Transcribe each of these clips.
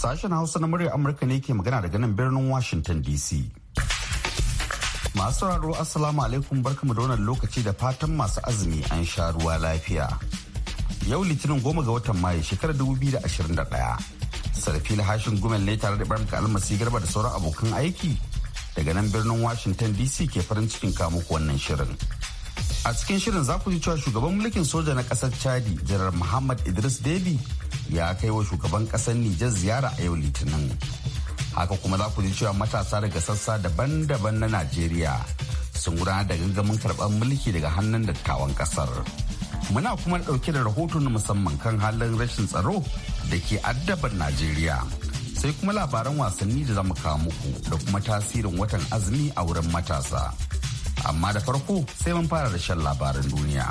Sashen Hausa na muryar Amurka ne ke magana daga nan birnin Washington DC. Masu raro Assalamu alaikum barkamu da wannan lokaci da fatan masu azumi an sha ruwa lafiya. Yau Litinin goma ga watan Mayu shekarar 2021. na hashin gumel ne tare da Ibrahim Almasi Garba da sauran abokan aiki daga nan birnin Washington DC ke farin cikin kamuku wannan shirin. a cikin shirin za ku ji cewa shugaban mulkin soja na kasar chadi jarar muhammad idris debi ya kai wa shugaban kasar nijar ziyara a yau litinin haka kuma za ku ji cewa matasa daga sassa daban-daban na najeriya sun gudana da gangamin karɓar mulki daga hannun dattawan kasar muna kuma ɗauke da rahoton musamman kan halin rashin tsaro da ke addabar najeriya sai kuma labaran wasanni da zamu kawo muku da kuma tasirin watan azumi a wurin matasa. amma da farko sai mun fara da shan labaran duniya.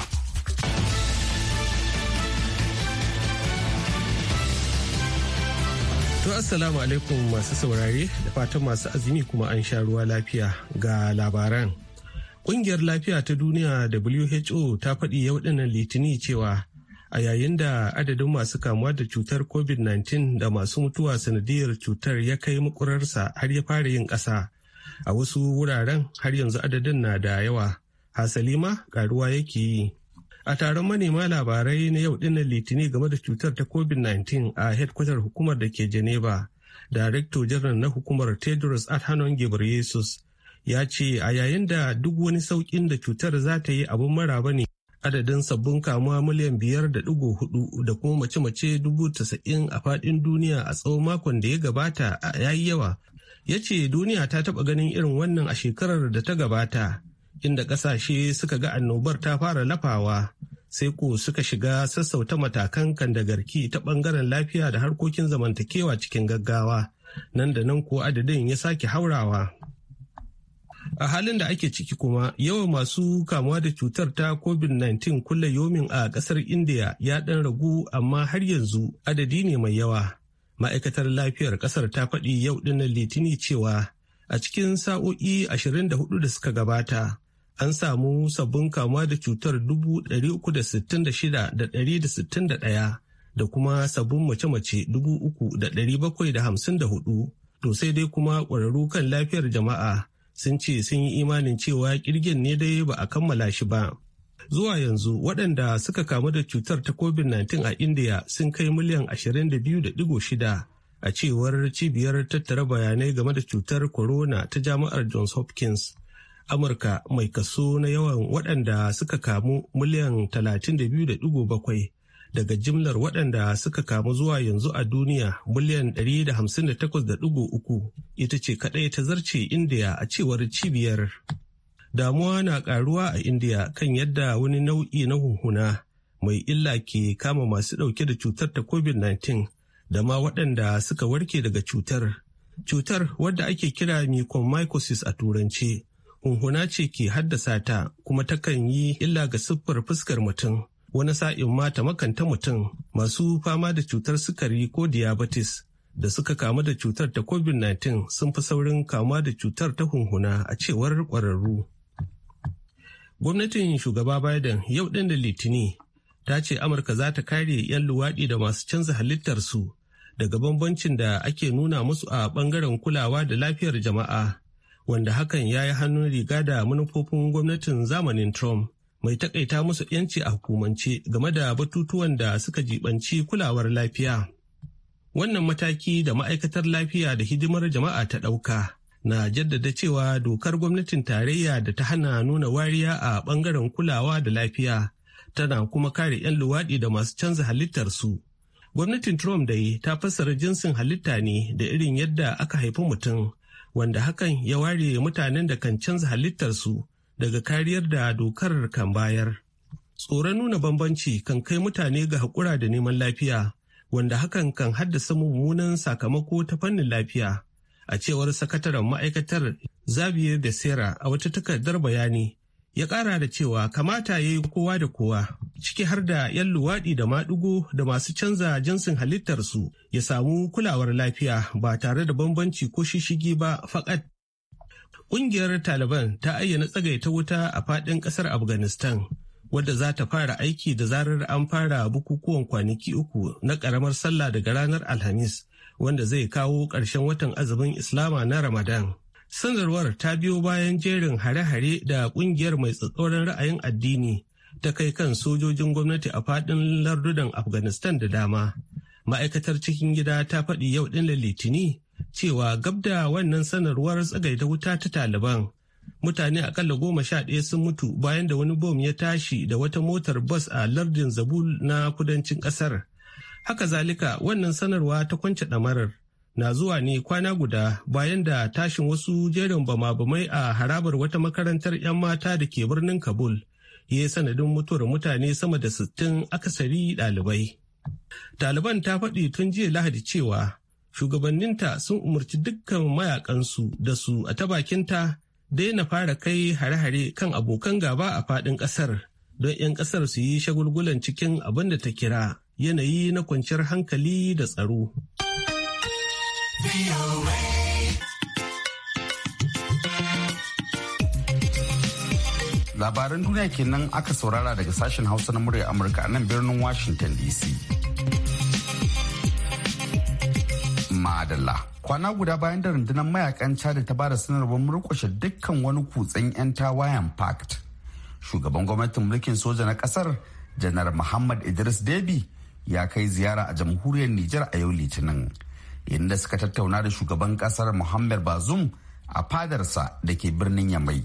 To assalamu alaikum masu saurare da fatan masu azumi kuma an sha ruwa lafiya ga labaran. Kungiyar lafiya ta duniya WHO ta faɗi yau ɗanan litini cewa a yayin da adadin masu kamuwa da cutar covid-19 da masu mutuwa sanadiyar cutar ya kai makurarsa har ya fara yin ƙasa a wasu wuraren har yanzu adadin na da yawa hasali ma karuwa yake yi a taron manema labarai na yau dinnan litinin game da cutar ta covid-19 a hedkwatar hukumar da ke geneva Darekto general na hukumar tedros adhanom ghebreyesus ya ce a yayin da duk wani saukin da cutar za ta yi abin maraba ne adadin sabbin kamuwa miliyan biyar da digo hudu da kuma mace-mace dubu tasa'in a faɗin duniya a tsawon makon da ya gabata a yayi yawa ya ce duniya ta taɓa ganin irin wannan a shekarar da ta gabata inda ƙasashe suka ga annobar ta fara lafawa sai ko suka shiga sassauta matakan kandagarki ta ɓangaren lafiya da harkokin zamantakewa cikin gaggawa nan da nan ko adadin ya sake haurawa a halin da ake ciki kuma yawan masu kamuwa da cutar ta covid-19 kulle yomin a ƙasar india ya ɗan ragu amma har yanzu adadi ne mai yawa ma'aikatar lafiyar kasar ta faɗi yau dinnan litini cewa a cikin sa'o'i 24 da suka gabata an samu sabbin kamuwa da cutar 366,161 da kuma sabbin mace-mace 3,754 to sai dai kuma ƙwararru kan lafiyar jama'a sun ce sun yi imanin cewa kirgin ne dai ba a kammala shi ba Zuwa yanzu waɗanda suka kamu da cutar ta COVID-19 a India sun kai miliyan 22.6 a cewar cibiyar tattara bayanai game da cutar corona ta jami'ar Johns Hopkins. Amurka mai kaso na yawan waɗanda suka kamu miliyan 32.7 daga jimlar waɗanda suka kamu zuwa yanzu a duniya miliyan 158.3 ita ce kaɗai ta zarce India a cewar cibiyar. damuwa na karuwa a indiya kan yadda wani nau'i na huhuna mai illa ke kama masu ɗauke da cutar ta covid-19 da ma waɗanda suka warke daga cutar cutar wadda ake kira mucormycosis a Turanci, hunhuna ce ke haddasa ta kuma takan yi illa ga siffar fuskar mutum wani sa'in mata makanta mutum masu fama da cutar sukari ko diabetes da suka kamu da cutar ta covid-19 sun fi saurin kamuwa da cutar ta hunhuna a cewar ƙwararru. Gwamnatin shugaba Biden yau ɗin da Litini ta ce Amurka za ta kare 'yan luwaɗi da masu canza halittarsu daga bambancin da ake nuna musu a ɓangaren kulawa da lafiyar jama'a, wanda hakan ya yi hannun riga da manufofin gwamnatin zamanin Trump mai takaita musu 'yanci a hukumance game da batutuwan da suka jibanci kulawar lafiya. Wannan mataki da ma'aikatar lafiya da hidimar jama'a ta ɗauka. na jaddada cewa dokar gwamnatin tarayya da ta hana nuna wariya a bangaren kulawa da lafiya tana kuma kare 'yan luwaɗi da masu canza halittarsu. Gwamnatin Trump dai ta fassara jinsin halitta ne da irin yadda aka haifi mutum, wanda hakan ya ware mutanen da kan canza halittarsu daga kariyar da dokar kan bayar. Tsoron nuna bambanci kan kai mutane ga haƙura da neman lafiya, wanda hakan kan haddasa mummunan sakamako ta fannin lafiya. a cewar sakataren ma'aikatar Xavier Sera, a wata takardar bayani ya ƙara da cewa kamata ya yi kowa da kowa ciki har da 'yan luwaɗi da maɗigo da masu canza jinsin halittarsu ya samu kulawar lafiya ba tare da bambanci ko shishigi ba fakat. Ƙungiyar Taliban ta ayyana tsagaita wuta a faɗin ƙasar Afghanistan wadda za ta fara aiki da zarar an fara bukukuwan kwanaki uku na ƙaramar sallah daga ranar Alhamis wanda zai kawo ƙarshen watan azumin Islama na Ramadan. Sanarwar ta biyo bayan jerin hare-hare da ƙungiyar mai tsatsauran ra'ayin addini ta kai kan sojojin gwamnati a faɗin lardunan Afghanistan da dama. Ma'aikatar cikin gida ta faɗi yau ɗin Litini cewa gabda wannan sanarwar tsagaita wuta ta Taliban. mutane akalla goma sha ɗaya sun mutu bayan da wani bom ya tashi da wata motar bas a lardin zabul na kudancin ƙasar Haka zalika wannan sanarwa ta kwance ɗamarar na zuwa ne kwana guda bayan da tashin wasu jerin bama-bamai a harabar wata makarantar 'yan mata da ke birnin Kabul ya yi sanadin mutuwar mutane sama da sittin akasari ɗalibai. Taliban ta faɗi tun jiya Lahadi cewa shugabanninta sun umarci dukkan mayakansu da su a ta bakinta daina fara kai hare-hare kan abokan gaba a faɗin ƙasar don 'yan ƙasar su yi shagulgulan cikin abin da ta kira yanayi na kwanciyar hankali da tsaro. Labaran duniya kenan aka saurara daga sashen Hausa na murya Amurka a nan birnin Washington DC. Madalla. Kwana guda bayan da rundunar mayakan da ta bada sanarwar murkushe dukkan wani kutsen 'yan tawayan pact. Shugaban gwamnatin mulkin soja na kasar, Janar Muhammad Idris Deby ya kai ziyara a jamhuriyar Nijar a yau Litinin, inda suka tattauna da shugaban kasar Muhammad bazum a fadarsa da ke birnin Yamai.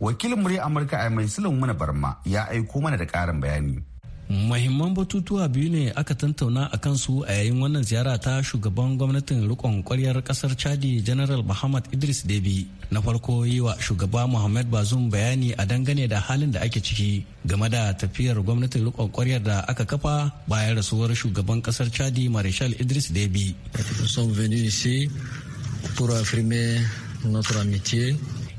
Wakilin murya Amurka a mai muna Barma ya aiko mana da ƙarin bayani. Mahimman batutuwa biyu ne aka tantauna a kansu a yayin wannan ziyara ta shugaban gwamnatin rikon kwaryar kasar Chadi General Muhammad Idris Debi. Na farko yi wa shugaba Muhammad Bazoum bayani a dangane da halin da ake ciki game da tafiyar gwamnatin rikon kwaryar da aka kafa bayan rasuwar shugaban kasar Chadi Marshal Idris Debi. Nous sommes venus ici pour affirmer notre amitié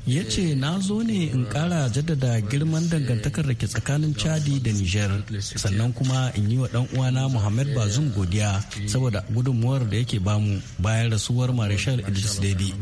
ya ce na zo ne in kara jaddada girman dangantakar da ke tsakanin chadi da niger sannan kuma in yi wa dan uwana muhammad bazum godiya saboda gudunmuwar da yake bamu bayan rasuwar marshal idris dedi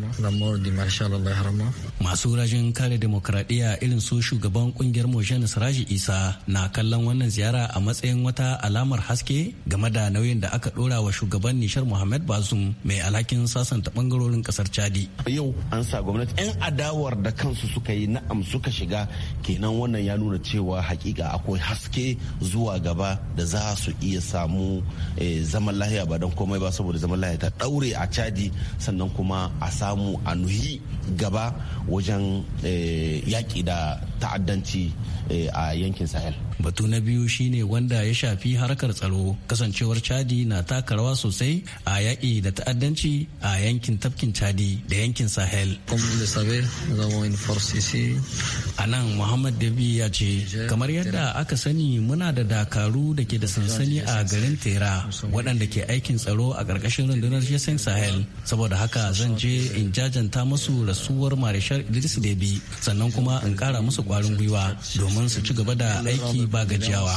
masu rajin kare demokradiyya irin su shugaban kungiyar mojan siraji isa na kallon wannan ziyara a matsayin wata alamar haske game da nauyin da aka dora wa shugaban nishar muhammad bazum mai alhakin sasanta bangarorin kasar chadi yau an sa gwamnati yan adawa kawar da kansu suka yi na'am suka shiga kenan wannan ya nuna cewa hakika akwai haske zuwa gaba da za su iya samu eh, zaman lahiya ba don komai ba saboda zaman lahiya ta daure a caji sannan kuma a samu a nuhi gaba wajen eh, yaƙi da ta'addanci eh, a yankin sahel batu na biyu shine wanda ya shafi harkar tsaro kasancewar chadi na taka rawa sosai a yaƙi da ta'addanci a yankin tafkin chadi da yankin sahel Anan nan muhammad dabi ya ce kamar yadda aka sani muna da dakaru da ke da sansani a garin tera waɗanda ke aikin tsaro a ƙarƙashin rundunar jesan sahel saboda haka zan je in jajanta masu rasuwar marishar idris debi sannan kuma in ƙara musu kwarin gwiwa domin su ci gaba da aiki ba gajiyawa.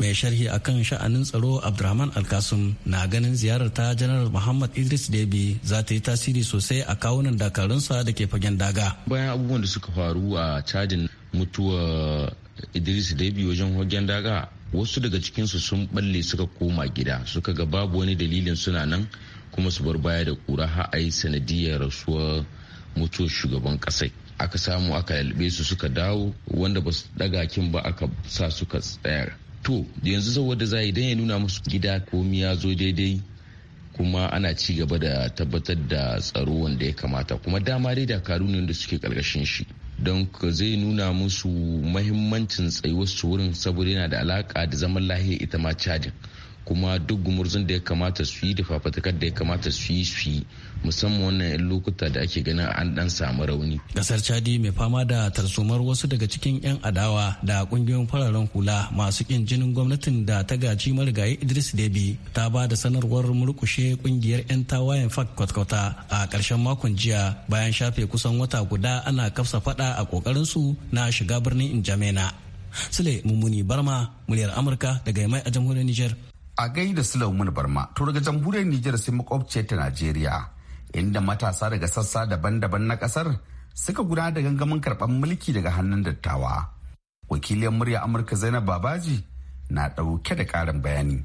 Mai sharhi a kan sha'anin tsaro Abdurrahman Alkasum na ganin ziyarar ta Janar Muhammad Idris Debi za ta yi tasiri sosai a kawunan dakarunsa da ke fagen daga. Bayan abubuwan da suka faru a cajin mutuwa Idris Debi wajen fagen daga wasu daga cikinsu sun balle suka koma gida suka ga babu wani dalilin suna nan kuma su bar baya da kura har a yi sanadiyar rasuwar mutuwar shugaban kasai aka samu aka yalbe su suka dawo wanda ba su daga kin ba aka sa suka tsayar to yanzu saboda za dan ya nuna musu gida ko ya zo daidai kuma ana ci gaba da tabbatar da tsaro wanda ya kamata kuma dama dai dakaru ne da suke karkashin shi don zai nuna musu mahimmancin tsayuwar su wurin saboda yana da alaka da zaman lahiya ita ma cajin kuma duk gumurzun da ya kamata su yi da fafatakar da ya kamata su yi su yi musamman wannan 'yan lokuta da ake ganin an dan samu rauni. gasar Chadi mai fama da tarsumar wasu daga cikin 'yan adawa da kungiyoyin fararen hula masu kin jinin gwamnatin da ta gaji marigayi Idris Debi ta ba da sanarwar murkushe kungiyar 'yan tawayen fak kwatkwata a ƙarshen makon jiya bayan shafe kusan wata guda ana kafsa fada a kokarin su na shiga birnin Injamena. Sule Mummuni Barma, muryar Amurka daga Yamai a jamhuriyar Nijar. a gai da gaida Sulaiman Barma to daga jamhuriyar Nijar sai makwabce ta Najeriya inda matasa daga sassa daban-daban na kasar suka gudanar da gangamin karɓar mulki daga hannun dattawa. Wakiliyar murya Amurka Zainab Babaji na ɗauke da ƙarin bayani.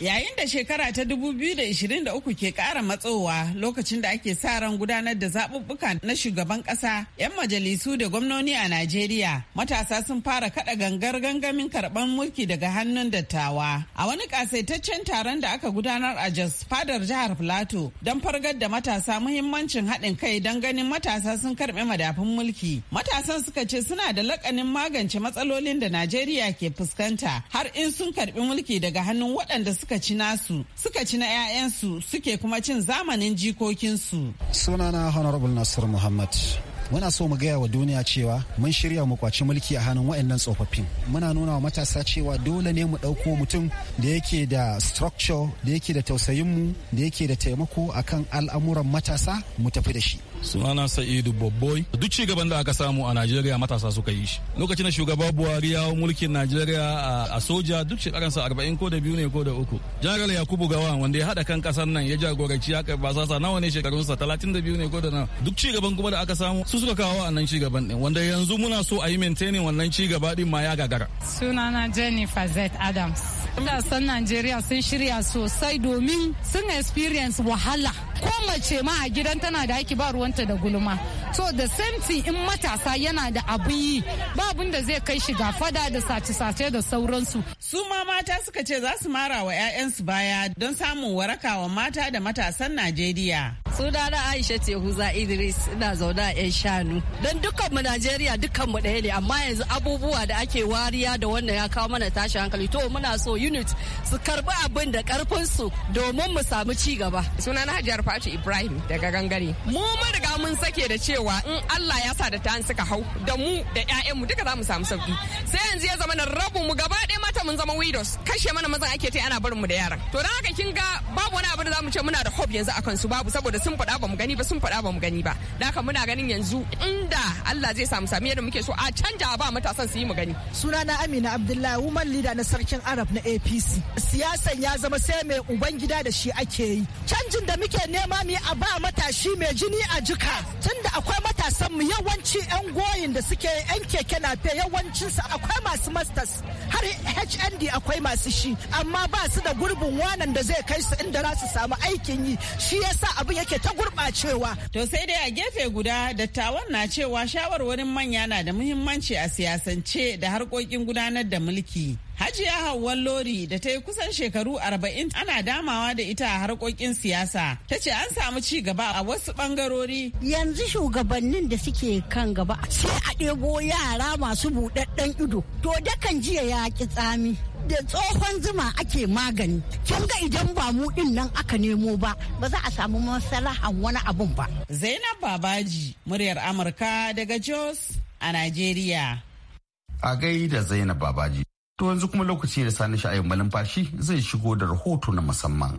Yayin da shekara ta 2023 ke ƙara matsowa lokacin da ake sa ran gudanar da zaɓuɓɓuka na shugaban ƙasa, 'yan majalisu da gwamnoni a Najeriya, matasa sun fara kaɗa gangar gangamin karɓar mulki daga hannun dattawa. A wani ƙasaitaccen taron da aka gudanar a Jos Fadar Jihar Filato don fargar da matasa muhimmancin haɗin kai don ganin matasa sun karɓe madafun mulki. Matasan suka ce suna da laƙanin magance matsalolin da Najeriya ke fuskanta har in sun karɓi mulki daga hannun waɗanda suka ci nasu suka ci na 'ya'yansu suke kuma cin zamanin jikokinsu. sunana honorable nasir muhammad muna so mu gaya wa duniya cewa mun shirya mu kwaci mulki a hannun waɗannan tsofaffin muna nuna wa matasa cewa dole ne mu ɗauko mutum da yake da structure da yake da tausayin mu da yake da taimako akan al'amuran matasa mu tafi da shi sunana sa'idu Boboi duk ci gaban da aka samu a najeriya matasa suka yi shi lokacin da shugaba buhari ya mulkin najeriya a soja duk shekaransa arba'in ko da biyu ne ko da uku Janaral yakubu Gawa wanda ya hada kan kasar nan ya jagoranci ya karba sasa nawa ne shekarunsa talatin da biyu ne ko da nawa duk ci gaban kuma da aka samu su suka kawo a nan ci gaban din wanda yanzu muna so a yi maintaining wannan ci gaba din ma ya gagara sunana jennifer z adams matasan najeriya sun shirya sosai domin sun experience wahala ko mace ma a gidan tana da haƙƙi ba ruwanta da gulma to same thing in matasa yana da abun yi ba da zai kai shiga fada da sace-sace da sauransu su ma mata suka ce za su mara wa 'ya'yansu baya don samun waraka wa mata da matasan najeriya sunana aisha tehuza idris ina zaune a 'yan shanu don dukkanmu najeriya dukkanmu ɗaya ne amma yanzu abubuwa da ake wariya da wannan ya kawo mana tashi hankali to muna so unit su karbi abin da karfinsu domin mu samu ci gaba sunana hajiyar Fatu Ibrahim daga gangare. Mu mun riga mun sake da cewa in Allah ya sa da ta suka hau da mu da 'ya'yanmu duka za mu samu sauki. Sai yanzu ya zama na rabu mu gaba ɗaya mata mun zama widows kashe mana mazan ake ta ana barin mu da yaran. To don haka kin ga babu wani abu da za mu ce muna da hope yanzu akan su babu saboda sun faɗa ba mu gani ba sun faɗa ba mu gani ba. Da haka muna ganin yanzu inda Allah zai samu sami yadda muke so a canja ba matasan su yi mu gani. Sunana Amina Abdullahi woman leader na sarkin Arab na APC. Siyasan ya zama sai mai ubangida da shi ake yi. Canjin da muke nema mu a ba matashi mai jini a jika tunda akwai matasan mu yawanci yan goyin da suke yan keke nafe yawancin su akwai masu masters har HND akwai masu shi amma ba su da gurbin wanan da zai kai su inda za su samu aikin yi shi yasa abu yake ta gurbacewa to sai dai a gefe guda dattawan na cewa shawarwarin manya na da muhimmanci a siyasance da harkokin gudanar da mulki Hajiya hauwan Lori da ta yi kusan shekaru arba'in ana damawa da ita a harkokin siyasa. Ta ce an samu ci gaba a wasu bangarori. Yanzu shugabannin da suke kan gaba sai a ɗebo yara masu buɗaɗɗen ido. To dakan jiya ya ki tsami. da tsohon zuma ake magani kin ga idan ba mu din nan aka nemo ba ba za a samu masalahan wani abun ba zainab babaji muryar amurka daga jos a nigeria a gaida zainab babaji To yanzu kuma lokaci da sani sha'ayin malumfashi zai shigo da rahoto na musamman.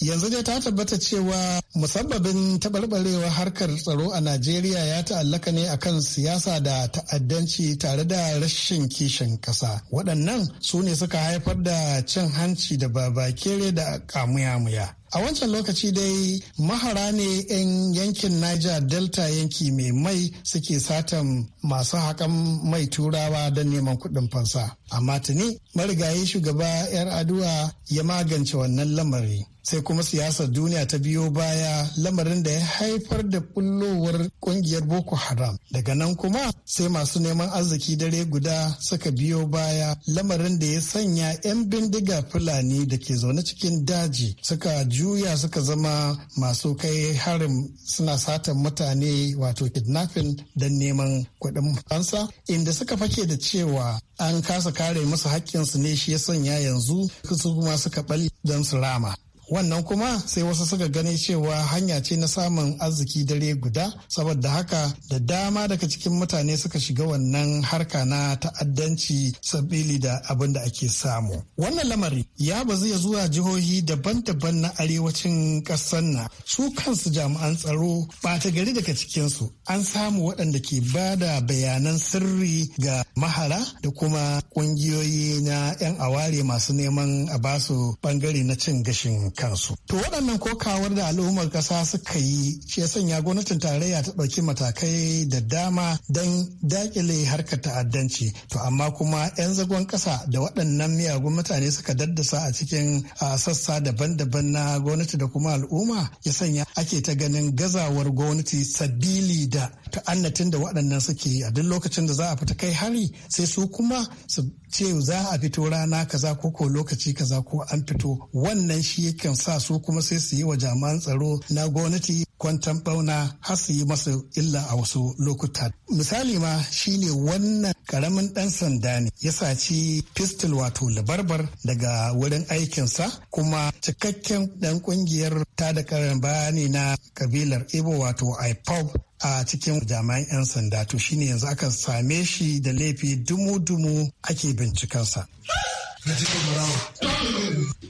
Yanzu dai ta tabbata cewa musabbabin taɓarɓarewar harkar tsaro a Najeriya ya ta'allaka ne akan siyasa da ta'addanci tare da rashin kishin ƙasa. Waɗannan su ne suka haifar da cin hanci da babakere da kamuyamuya. A wancan lokaci dai mahara ne 'yan yankin Niger Delta yanki mai mai suke satan masu haƙan mai turawa don neman kuɗin fansa. Amma tuni marigayi shugaba 'yar aduwa ya magance wannan lamari. Sai kuma siyasar duniya ta biyo baya lamarin da ya haifar da kullowar ƙungiyar Boko Haram. Daga nan kuma sai masu neman arziki dare guda suka biyo baya lamarin da ya sanya 'yan bindiga Fulani da ke zaune cikin daji suka juya suka zama masu kai harin suna satan mutane wato kidnapping don neman kuɗin fansa inda suka fake da cewa an kasa kare musu haƙƙinsu ne shi ya sanya yanzu su kuma suka ɓalli don su rama wannan kuma sai wasu suka gani cewa hanya ce na samun arziki dare guda saboda haka da dama daga cikin mutane suka shiga wannan harka na ta'addanci sabili da abin da ake samu wannan lamari ya bazu ya zuwa jihohi daban-daban na arewacin ƙasar na su kansu jami'an tsaro ba ta gari daga cikinsu an samu waɗanda ke ba da bayanan sirri ga mahara da kuma ƙungiyoyi na 'yan aware masu neman a basu bangare na cin gashin kansu. To waɗannan kokawar da al'ummar ƙasa suka yi shi ya sanya gwamnatin tarayya ta ɗauki matakai da dama don dakile harkar ta'addanci. To amma kuma 'yan zagon ƙasa da waɗannan miyagun mutane suka daddasa a cikin sassa daban-daban na gwamnati da kuma al'umma ya sanya ake ta ganin gazawar gwamnati sabili da ta'annatin da waɗannan suke yi a duk lokacin da za a fita kai hari sai su kuma su ce za a fito rana kaza ko ko lokaci kaza ko an fito wannan shi yakan sa su kuma sai su yi wa jami'an tsaro na gwamnati kwantan bauna har su yi masa illa a wasu lokuta. Misali ma shine wannan karamin ɗan sanda ne ya saci pistol wato labarbar daga wurin aikinsa kuma cikakken ɗan ƙungiyar ta da karin bayani na kabilar Ibo wato IPOB a cikin jami'an 'yan sanda to shine yanzu aka same shi da laifi dumu-dumu ake bincikansa.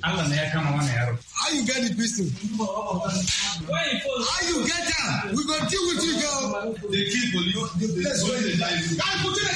Allah ne ya kama wannan yaro. How you get the pistol? How you get that? We gonna deal with you, girl. They kill you. Let's go. I put you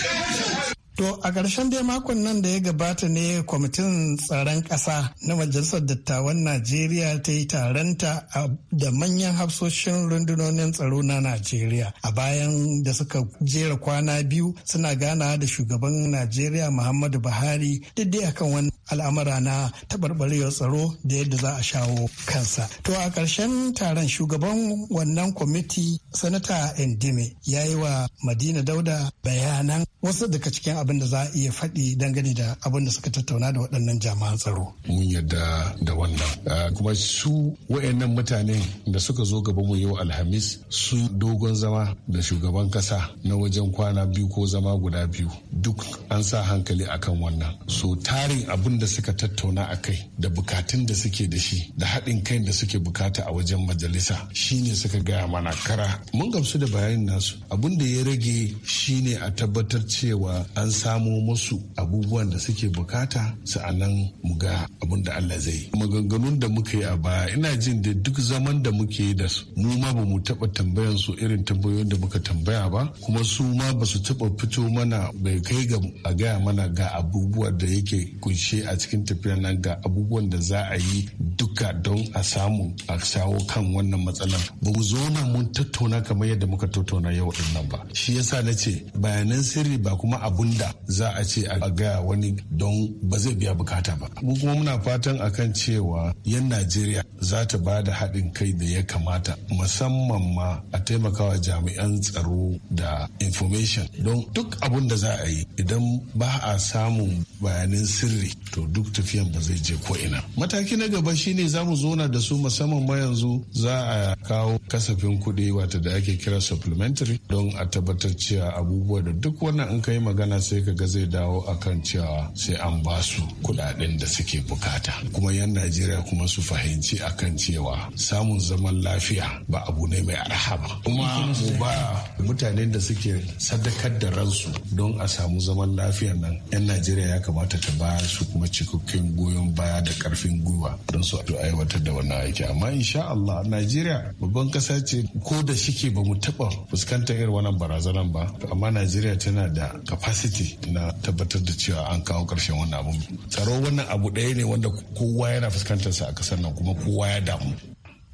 in To a ƙarshen dai makon nan da ya gabata ne kwamitin tsaron ƙasa na Majalisar Dattawan Najeriya ta yi taronta da manyan hafsoshin rundunonin tsaro na Najeriya. A bayan da suka jera kwana biyu suna gana da shugaban Najeriya Muhammadu Buhari daidai akan wani al'amura na taɓarɓarewar tsaro da yadda za a shawo kansa. To a ƙarshen taron shugaban wannan kwamiti Sanata Endime ya yi wa Madina Dauda bayanan wasu daga cikin abin abin da za a iya faɗi dangane da abin da suka tattauna da waɗannan jami'an tsaro. Mun yadda da wannan. Ah, kuma su wayannan mutane da suka zo gaba mu yau Alhamis su dogon zama da shugaban kasa na wajen kwana biyu ko zama guda biyu duk an sa hankali akan wannan. So tarin abin da suka tattauna a kai da bukatun da suke da shi da haɗin kai da suke bukata a wajen majalisa shine suka gaya mana kara. Mun gamsu da bayanin nasu abin da ya rage shine a tabbatar cewa an samo musu abubuwan da suke bukata nan mu ga abin da Allah zai yi maganganun da muka yi a baya ina jin da duk zaman da muke yi da su mu ma ba mu taba tambayan su irin tambayoyin da muka tambaya ba kuma su ma ba su taba fito mana bai kai ga a gaya mana ga abubuwan da yake kunshe a cikin tafiya na ga abubuwan da za a yi duka don a samu a shawo kan wannan matsalar ba mu zo na mun tattauna kamar yadda muka tattauna yau din nan ba shi yasa na ce bayanan sirri ba kuma abun da za a ce a gaya wani don ba zai biya bukata ba mu kuma muna fatan akan cewa yan najeriya za ta ba da haɗin kai da ya kamata musamman ma a taimakawa jami'an tsaro da information don duk abun da za a yi idan ba a samun bayanan sirri to duk tafiyan ba zai je ko ina mataki na gaba shine za mu zona da su musamman ma yanzu za a kawo kasafin kuɗi wata da ake kira supplementary don a tabbatar cewa abubuwa da duk wannan in kai magana sai ka ga zai dawo akan cewa sai an ba su kudaden da suke bukata kuma yan najeriya kuma su fahimci a kan cewa samun zaman lafiya ba abu ne mai arha ba kuma ba mutanen da suke sadakar da ransu don a samu zaman lafiya nan yan najeriya ya kamata ta ba su kuma cikakken goyon baya da karfin gwiwa don su aiwatar da wannan aiki amma insha Allah najeriya babban kasa ce ko da shike ba mu taɓa fuskantar irin wannan barazanar ba amma najeriya tana da capacity ce na tabbatar da cewa an kawo ƙarshen wannan abu tsaro wannan abu ɗaya ne wanda kowa yana fuskantar sa a ƙasar nan kuma kowa ya damu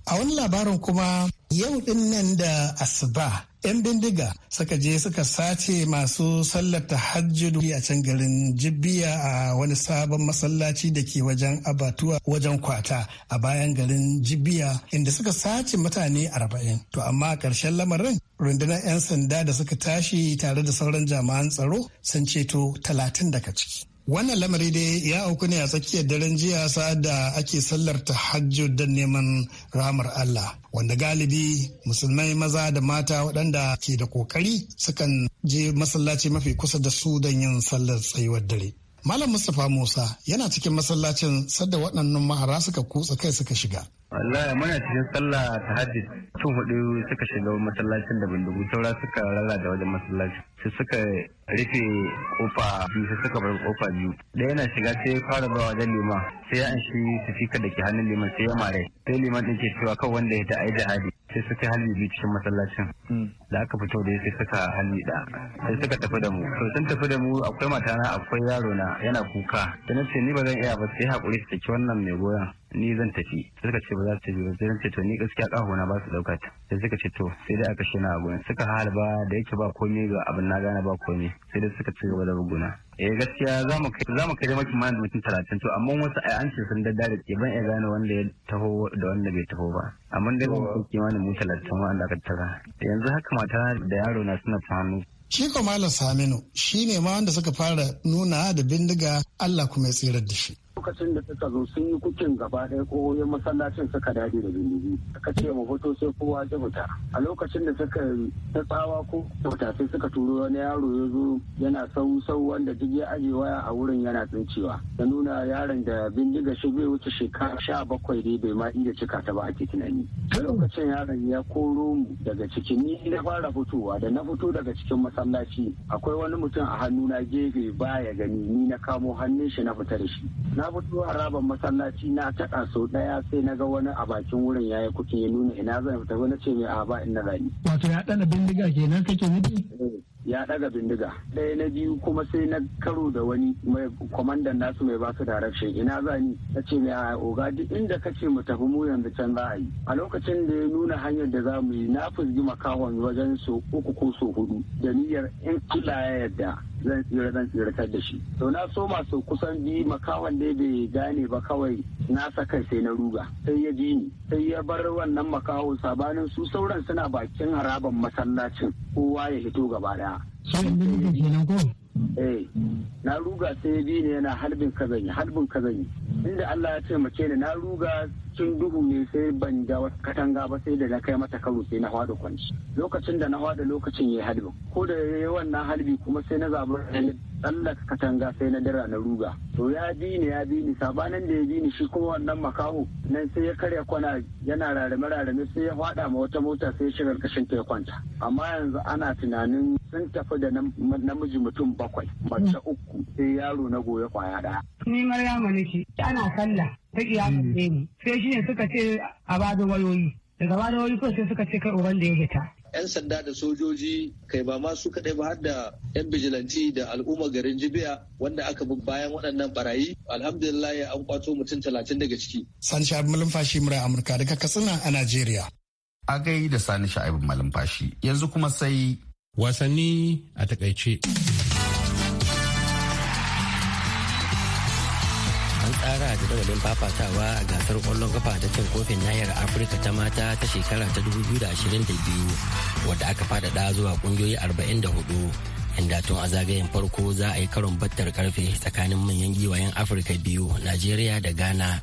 a wani labarin kuma yau din nan da asuba 'yan bindiga suka je suka sace masu sallar tahajjudu a can garin jibbiya a wani sabon masallaci da ke wajen abatuwa wajen kwata a bayan garin jibbiya inda suka sace mutane arba'in to amma a ƙarshen lamarin rundunar 'yan sanda da suka tashi tare da sauran jama'an tsaro sun ceto talatin daga ciki Wannan lamari dai ya auku ne a tsakiyar daren jiya sa'ad da ake sallar hajjo don neman ramar Allah, wanda galibi musulmai maza da mata waɗanda ke da kokari sukan je masallaci mafi kusa da su don yin sallar tsayuwar dare. Malam Mustapha Musa yana cikin masallacin sadda waɗannan mahara suka kutsa kai suka shiga. Wallahi muna cikin sallah ta hajji tun hudu suka shiga masallacin da bindigu saura suka rara da wajen masallacin. Sai suka rufe kofa biyu sai suka bar kofa biyu. Ɗaya yana shiga sai ya fara ba wajen liman sai ya an shi sifika da ke hannun liman sai ya mare. Sai liman ɗin ke cewa kan wanda ya ta aida hadi. sai suka hali biyu cikin masallacin hmm. da aka fito da sai suka halbi da sai suka tafi da mu to sun tafi da mu akwai matana akwai yaro na yana kuka da na ce ni ba zan iya ba sai hakuri su ke wannan mai goyon ni zan tafi suka ce ba za su tafi ba zan ce to ni gaskiya na ba su dauka ta sai suka ce to sai dai aka shina a gurin suka ba da yake ba komai ga abin na gane ba komai sai da suka ci gaba da buguna eh gaskiya za mu kai zamu kai maki mana mutum talatin to amma wasu ai an ce sun dare ke ban ya gane wanda ya taho da wanda bai taho ba amma dai mun kai kimanin mu talatin wanda aka tara yanzu haka mata da yaro na suna ta hannu Shi Malam Saminu shi ne ma wanda suka fara nuna da bindiga Allah kuma ya tsirar da shi. lokacin da suka zo sun yi kukin gaba ɗaya ya masallacin suka dade da bindigi suka ce mu fito sai kowa ya fita a lokacin da suka ta tsawa ko fita sai suka turo wani yaro ya zo yana sau sau wanda duk ya aje waya a wurin yana tsincewa ya nuna yaron da bindiga shi bai wuce shekara sha bakwai dai bai ma iya cika ta ba ake tunani a lokacin yaron ya koro mu daga cikin ni na fara fitowa da na fito daga cikin masallaci akwai wani mutum a hannu hannuna gefe baya gani ni na kamo hannun shi na fita da shi na na fito harabar masallaci na taka sau ɗaya sai na ga wani a bakin wurin yayi kuke ya nuna ina zan fita wani ce mai a ba ina rani. Wato ya dana bindiga kenan kake nufi? Eh, ya daga bindiga ɗaya na biyu kuma sai na karo da wani mai kwamandan nasu mai basu direction ina za ni ta ce mai a oga duk inda kace mu tafi mu yanzu can za a yi a lokacin da ya nuna hanyar da za mu yi na fusgi makahon wajen so uku ko so hudu da niyyar in kula ya yarda zan tsira zan tsiratar da shi to na so masu kusan bi makawan da bai gane ba kawai na saka sai na ruga sai ya ji ni sai ya bar wannan makawo sabanin su sauran suna bakin haraban masallacin kowa ya hito gaba daya Eh, na ruga sai biyu ne yana harbin kazanyi harbin kazanyi inda Allah ya ce mace ni na ruga cikin duhu ne sai ban ga wata katanga ba sai da na kai mata karo sai na hwada kwanci lokacin da na hwada lokacin yayi harbin ko da yawan na harbi kuma sai na zabi tsallaka katanga sai na dara na ruga to ya bi ni ya bi ni sabanin da ya bi ni shi kuma wannan makaho nan sai ya karya kwana yana rarame rarame sai ya hwada ma wata mota sai ya shiga kashin ta ya kwanta amma yanzu ana tunanin sun tafi da namiji mutum ba bakwai mm. mace uku sai yaro na goya kwaya daya. Ni Maryamu nake ana sallah ta iya kalle ne sai shi ne suka ce a bada wayoyi daga bada wayoyi ko sai suka ce kai uban da ya fita. 'yan sanda da sojoji kai ba ma su kaɗai ba har da 'yan bijilanti da al'umma garin jibiya wanda aka bi bayan waɗannan barayi alhamdulillah ya an kwato mutum talatin daga ciki. sani sha'ib malumfashi murai amurka daga katsina a najeriya. a gai da sani sha'ib malumfashi yanzu kuma sai wasanni a takaice. tsara jadawalin fafatawa a gasar kwallon kafa ta cin kofin nahiyar afirka ta mata ta shekara ta 2022 wadda aka faɗaɗa zuwa ƙungiyoyi 44 inda tun a zagayen farko za a yi karon battar karfe tsakanin manyan giwayen afirka biyu najeriya da ghana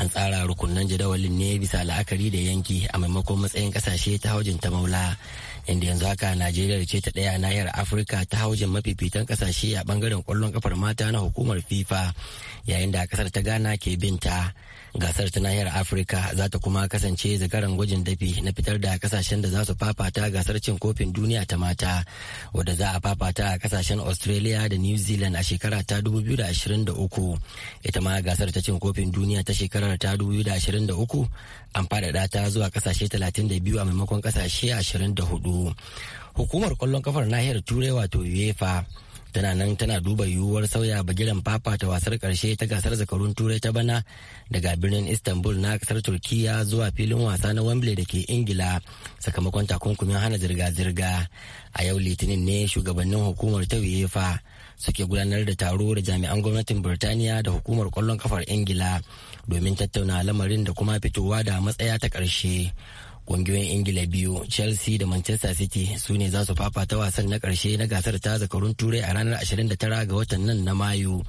an tsara rukunan jadawalin ne bisa la'akari da yanki a maimakon matsayin kasashe ta haujin ta maula inda yanzu haka najeriya ce ta ɗaya nahiyar afirka ta haujin mafifitan kasashe a bangaren kwallon kafar mata na hukumar fifa yayin da kasar ta ghana ke binta gasar ta nahiyar afirka za ta kuma kasance zakaran gwajin dafi na fitar da kasashen da za su fafata gasar cin kofin duniya ta mata wadda za a fafata a kasashen australia da new zealand a shekara ta 2023 ita ma gasar ta cin kofin duniya ta shekarar ta 2023 an faɗaɗa ta zuwa kasashe 32 a maimakon kasashe 24 hukumar kwallon kafar nahiyar turai wato uefa tana nan tana duba yiwuwar sauya fafa ta wasar karshe ta gasar zakarun turai ta bana daga birnin istanbul na kasar turkiya zuwa filin wasa na wembley da ke ingila sakamakon takunkumin hana zirga-zirga a yau litinin ne shugabannin hukumar ta uefa suke gudanar da taro da jami'an gwamnatin birtaniya da hukumar kwallon kafar ingila domin tattauna lamarin da kuma fitowa da matsaya ta ƙarshe kungiyoyin ingila biyu chelsea da manchester city su ne za su fafata wasan na karshe na gasar ta zakarun turai a ranar 29 ga watan nan na mayu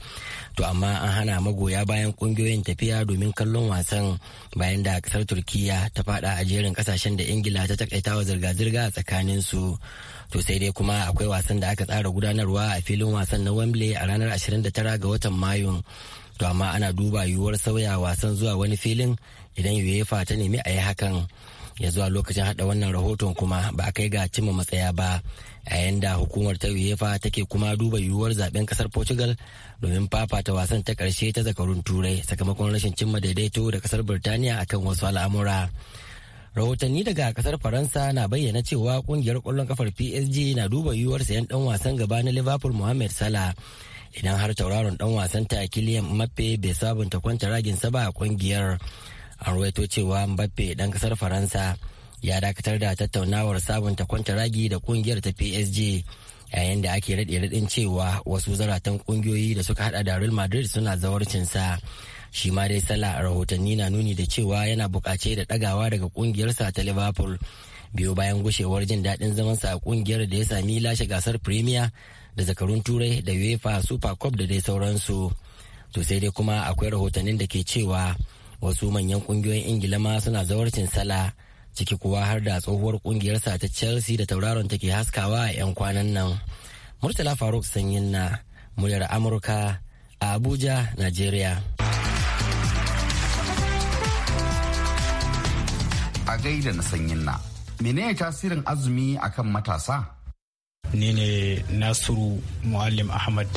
to amma an hana magoya bayan kungiyoyin tafiya domin kallon wasan bayan da kasar turkiya ta fada a jerin kasashen da ingila ta takaita wa zirga-zirga a tsakanin su to sai dai kuma akwai wasan da aka tsara gudanarwa a filin wasan na wembley a ranar 29 ga watan mayu to amma ana duba yiwuwar sauya wasan zuwa wani filin idan uefa ta nemi a yi hakan ya zuwa lokacin hada wannan rahoton kuma ba a kai ga cimma matsaya ba a yanda hukumar ta uefa take kuma duba yiwuwar zaben kasar portugal domin fafata wasan ta karshe ta zakarun turai sakamakon rashin cimma daidaito da kasar birtaniya akan wasu al'amura rahotanni daga kasar faransa na bayyana cewa kungiyar kwallon kafar psg na duba yiwuwar sayan dan wasan gaba na liverpool mohamed salah idan har tauraron dan wasan ta kiliyan mappe bai sabunta kwanta raginsa ba a kungiyar an ruwaito cewa mbappe dan kasar faransa ya dakatar da tattaunawar sabunta ragi da kungiyar ta psg yayin da ake raɗe raɗin cewa wasu zaratan kungiyoyi da suka hada da real madrid suna zawarcinsa shi ma dai sala rahotanni na nuni da cewa yana bukace da ɗagawa daga kungiyarsa ta liverpool biyo bayan gushewar jin daɗin zamansa a kungiyar da ya sami lashe gasar premier da zakarun turai da uefa super cup da dai sauransu to sai dai kuma akwai rahotannin da ke cewa wasu manyan kungiyoyin ingila ma suna zawarcin sala ciki kuwa har da tsohuwar ƙungiyarsa ta chelsea da tauraron take haskawa a 'yan kwanan nan murtala faruk sanyin na muryar amurka a abuja nigeria a gaida na sanyin na menene tasirin azumi akan matasa ni ne nasiru muallim ahmad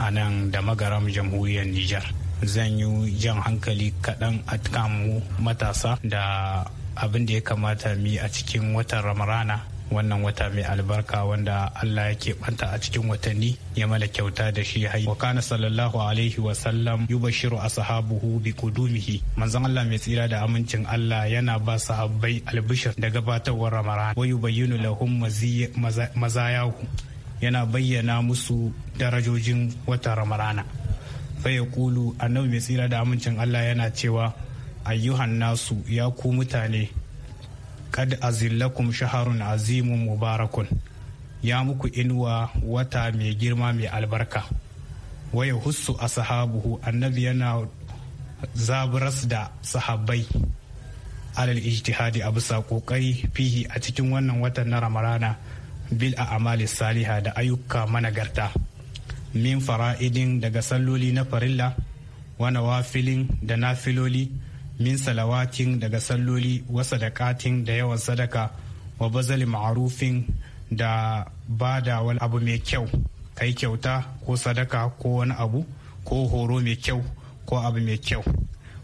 a nan da magaram jamhuriyar niger zan yi jan hankali kaɗan a kamu matasa da abin da ya kamata mi a cikin watan ramarana wannan wata mai albarka wanda Allah ya banta a cikin watanni ya mala kyauta da shi hai wa kana sallallahu alaihi wa sallam yubashiru ashabuhu bi qudumihi manzon Allah mai tsira da amincin Allah yana ba sahabbai albishir da gabatarwar ramadan wa yubayyinu lahum mazayahu yana bayyana musu darajojin wata ramarana faya kulu annabi mai tsira da amincin Allah yana cewa ayyuhan nasu ya ku mutane kad azillakum shaharun azimun mubarakun ya muku inuwa wata mai girma mai albarka waya hussu a sahabuhu annabi yana zaburas da sahabbai alal ijtihadi a bisa kokari fihi a cikin wannan watan na ramarana bil a amali saliha da ayyuka managarta min fara'idin daga salloli na farilla wana wafilin da na filoli min salawatin daga salloli da katin da yawan sadaka wa bazali ma'arufin da ba da wani abu mai kyau kai kyauta ko sadaka ko wani abu ko horo mai kyau ko abu mai kyau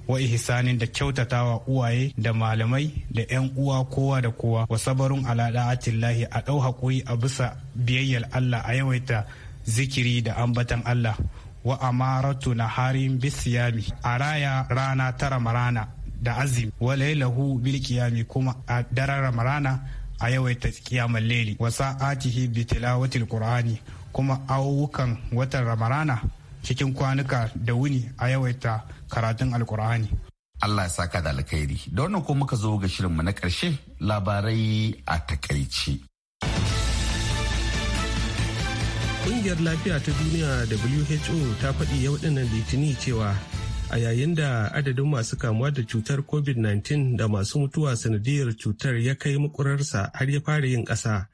wa ihsanin da kyautatawa uwaye da malamai da 'yan uwa kowa da kowa wa sabarun a da'atillahi a ɗau haƙuri a bisa biyayyar Allah a yawaita zikiri da ambatan Allah wa amaratu na harin bisiyami a raya rana ta ramarana da Azim. wa lailahu bil kuma a daren ramarana a yawaita kiyamar leli wa sa'atihi bi tilawatil qur'ani kuma awukan watan ramarana cikin kwanuka da wuni a yawaita karatun alkur'ani Allah ya saka da alkhairi da wannan ko muka zo ga shirinmu na ƙarshe labarai a takaici. Ƙungiyar lafiya ta duniya WHO ta faɗi yau ɗinnan litini cewa a yayin da adadin masu kamuwa da cutar COVID-19 da masu mutuwa sanadiyar cutar ya kai makurarsa har ya fara yin ƙasa.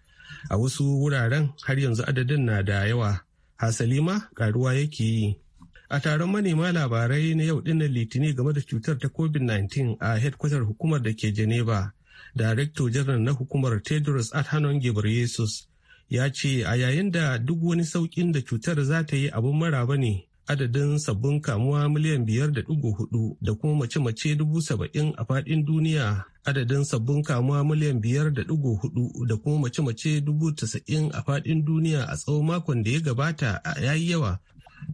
A wasu wuraren har yanzu adadin na da yawa. Hasali ma ƙaruwa yake yi. a taron manema labarai na yau ɗinan litini game da cutar ta covid-19 a hedkwatar hukumar da ke geneva director general na hukumar tedros adhanom ghebreyesus ya ce a yayin da duk wani saukin da cutar za ta yi abin maraba ne adadin sabbin kamuwa miliyan biyar da ɗigo hudu da kuma mace-mace dubu saba'in a faɗin duniya adadin sabbin kamuwa miliyan biyar da ɗigo hudu da kuma mace-mace dubu tasa'in a faɗin duniya a tsawon makon da ya gabata a yayi yawa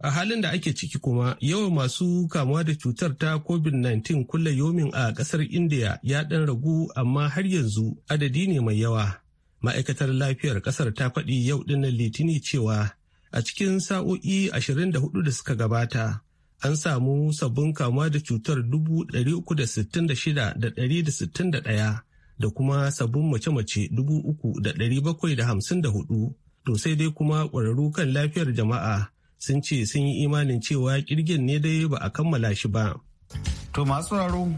a halin da ake ciki kuma yawan masu kamuwa da cutar ta covid-19 kulle yomin a kasar india ya dan ragu amma har yanzu adadi ne mai yawa ma'aikatar lafiyar kasar ta faɗi yau dinnan litini cewa a cikin sa'o'i 24 da suka gabata an samu sabbin kamuwa da cutar 366,161 da kuma sabbin mace-mace 3,754 to sai dai kuma ƙwararru kan lafiyar jama'a sun ce sun yi imanin cewa kirgin ne dai ba a kammala shi ba. To masu raro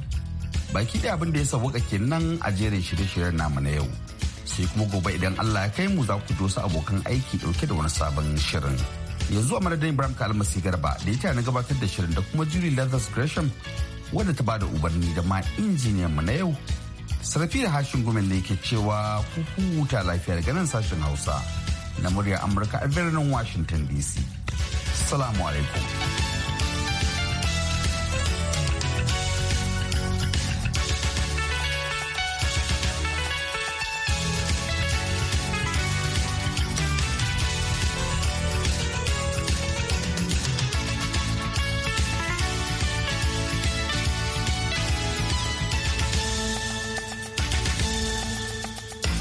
baki da abin da ya kake kenan a jerin shirye-shiryen namu na yau. sai kuma gobe idan Allah ya kai mu za ku dosa abokan aiki dauke da wani sabon shirin. Yanzu a madadin Ibrahim Kalmasi Garba da ya na gabatar da shirin da kuma Julie Lazarus Gresham wadda ta bada umarni da ma injiniyan mu na yau. Sarfi da hashin gumin ne ke cewa ku huta lafiya daga nan sashen Hausa na muryar Amurka a birnin Washington DC. Salamu alaikum.